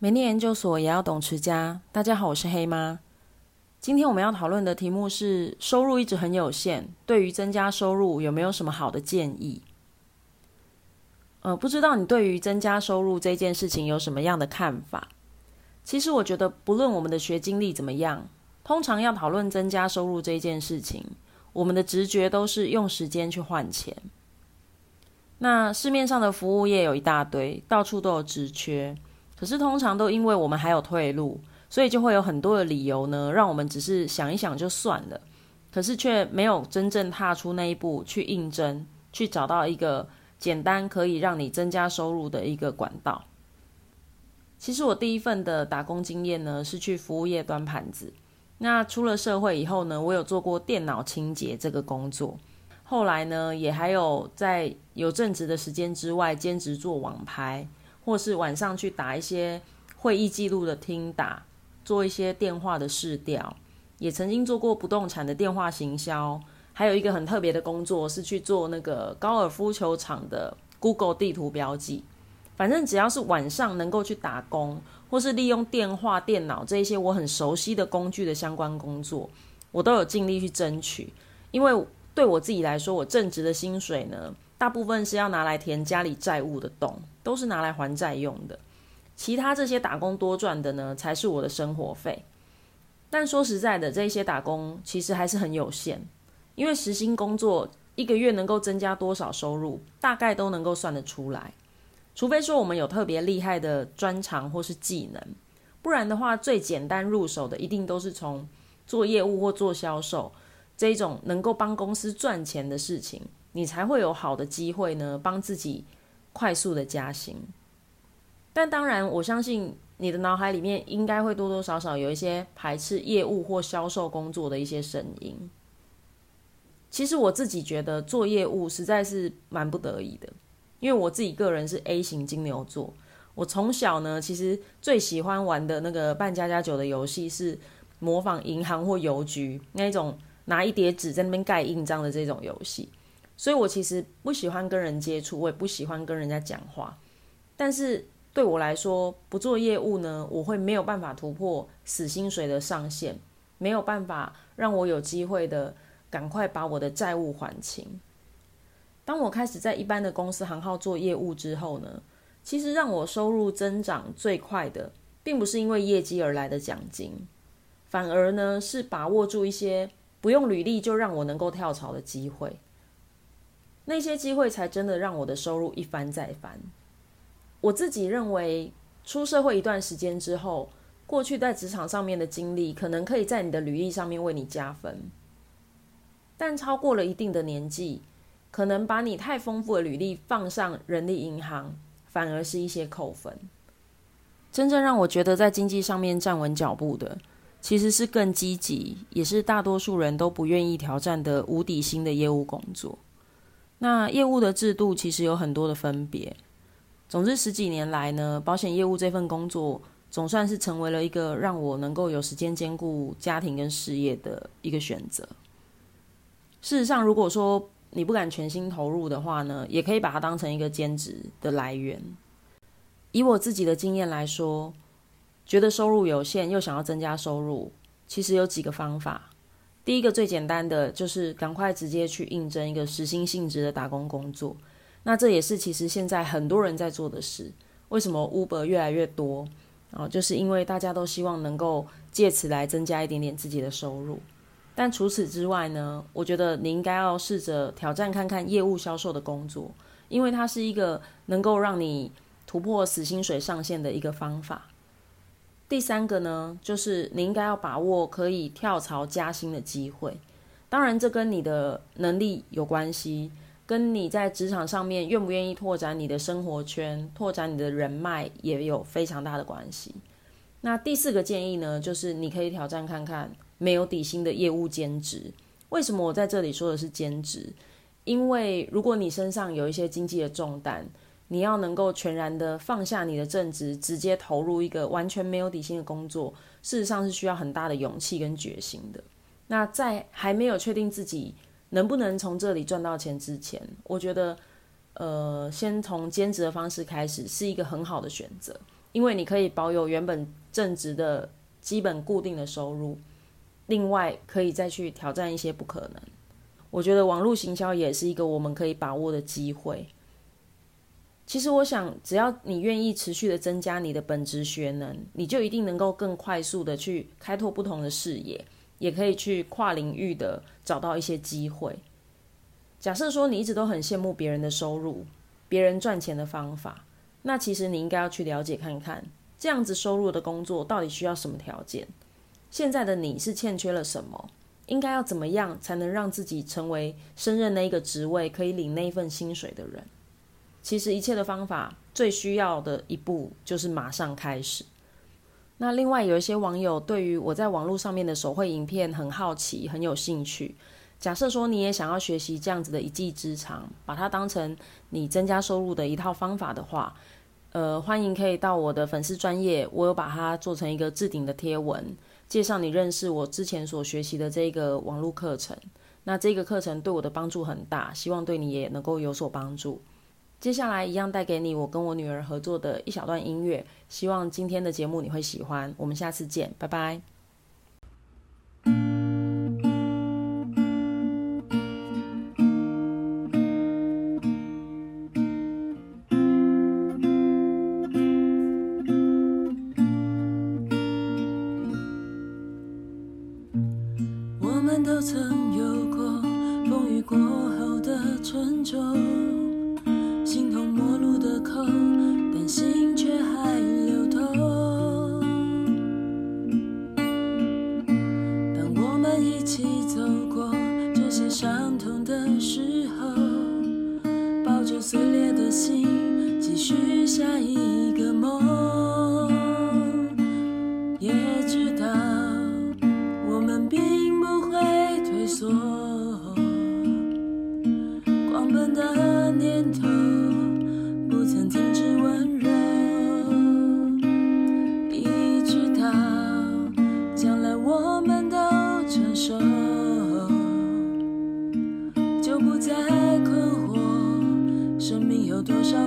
美麗研究所也要懂持家。大家好，我是黑媽。今天我們要討論的題目是：收入一直很有限，對於增加收入有沒有什麼好的建議？呃，不知道你對於增加收入這件事情有什麼樣的看法？其實我覺得，不論我們的學經歷怎麼樣，通常要討論增加收入這件事情，我們的直覺都是用時間去換錢。那市面上的服務業有一大堆，到處都有職缺。可是通常都因為我們還有退路，所以就會有很多的理由呢，讓我們只是想一想就算了，可是卻沒有真正踏出那一步去應徵，去找到一個簡單可以讓你增加收入的一個管道。其實我第一份的打工經驗呢，是去服務業端盤子，那出了社會以後呢，我有做過電腦清潔這個工作，後來呢，也還有在有正職的時間之外兼職做網拍。或是晚上去打一些會議記錄的聽打，做一些電話的市調，也曾經做過不動產的電話行銷，還有一個很特別的工作是去做那個高爾夫球場的 Google 地圖標記。反正只要是晚上能夠去打工，或是利用電話、電腦這一些我很熟悉的工具的相關工作，我都有盡力去爭取。因為對我自己來說，我正職的薪水呢，大部分是要拿來填家裡債務的洞，都是拿來還債用的。其他這些打工多賺的呢，才是我的生活費。但說實在的，這一些打工其實還是很有限，因為時薪工作一個月能夠增加多少收入，大概都能夠算得出來。除非說我們有特別厲害的專長或是技能，不然的話，最簡單入手的一定都是從做業務或做銷售，這一種能夠幫公司賺錢的事情。你才會有好的機會呢，幫自己快速的加薪。但當然，我相信你的腦海裡面應該會多多少少有一些排斥業務或銷售工作的一些聲音。其實我自己覺得做業務實在是蠻不得已的，因為我自己個人是 A 型金牛座，我從小呢其實最喜歡玩的那個扮家家酒的遊戲，是模仿銀行或郵局那種拿一疊紙在那邊蓋印章的這種遊戲。所以我其實不喜歡跟人接觸，我也不喜歡跟人家講話。但是對我來說，不做業務呢，我會沒有辦法突破死薪水的上限，沒有辦法讓我有機會的趕快把我的債務還清。當我開始在一般的公司行號做業務之後呢，其實讓我收入增長最快的，並不是因為業績而來的獎金，反而呢是把握住一些不用履歷就讓我能夠跳槽的機會。那些機會才真的讓我的收入一翻再翻。我自己認為，出社會一段時間之後，過去在職場上面的經歷，可能可以在你的履歷上面為你加分。但超過了一定的年紀，可能把你太豐富的履歷放上人力銀行，反而是一些扣分。真正讓我覺得在經濟上面站穩腳步的，其實是更積極，也是大多數人都不願意挑戰的無底薪的業務工作。那業務的制度其實有很多的分別。總之十幾年來呢，保險業務這份工作總算是成為了一個讓我能夠有時間兼顧家庭跟事業的一個選擇。事實上，如果說你不敢全心投入的話呢，也可以把它當成一個兼職的來源。以我自己的經驗來說，覺得收入有限又想要增加收入，其實有幾個方法。第一個最簡單的就是趕快直接去應徵一個時薪性質的打工工作，那這也是其實現在很多人在做的事。為什麼 Uber 越來越多啊？就是因為大家都希望能夠借此來增加一點點自己的收入。但除此之外呢，我覺得你應該要試着挑戰看看業務銷售的工作，因為它是一個能夠讓你突破死薪水上限的一個方法。第三個呢，就是你應該要把握可以跳槽加薪的機會。當然，這跟你的能力有關係，跟你在職場上面願不願意拓展你的生活圈、拓展你的人脈也有非常大的關係。那第四個建議呢，就是你可以挑戰看看沒有底薪的業務兼職。為什麼我在這裡說的是兼職？因為如果你身上有一些經濟的重擔。你要能夠全然的放下你的正職，直接投入一個完全沒有底薪的工作，事實上是需要很大的勇氣跟決心的。那在還沒有確定自己能不能從這裡賺到錢之前，我覺得，呃，先從兼職的方式開始是一個很好的選擇，因為你可以保有原本正職的基本固定的收入，另外可以再去挑戰一些不可能。我覺得網絡行銷也是一個我們可以把握的機會。其實我想，只要你願意持續的增加你的本職學能，你就一定能夠更快速的去開拓不同的視野，也可以去跨領域的找到一些機會。假設說你一直都很羨慕別人的收入，別人賺錢的方法，那其實你應該要去了解看看，這樣子收入的工作到底需要什麼條件？現在的你是欠缺了什麼？應該要怎麼樣才能讓自己成為勝任那一個職位，可以領那份薪水的人？其實一切的方法最需要的一步就是馬上開始。那另外有一些網友對於我在網絡上面的手繪影片很好奇，很有興趣。假設說你也想要學習這樣子的一技之長，把它當成你增加收入的一套方法的話，呃，歡迎可以到我的粉絲專頁，我有把它做成一個置頂的貼文，介紹你認識我之前所學習的這一個網絡課程。那這個課程對我的幫助很大，希望對你也能夠有所幫助。接下來一樣帶給你我跟我女兒合作的一小段音樂，希望今天的節目你會喜歡。我們下次見，拜拜。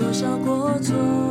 多少過錯？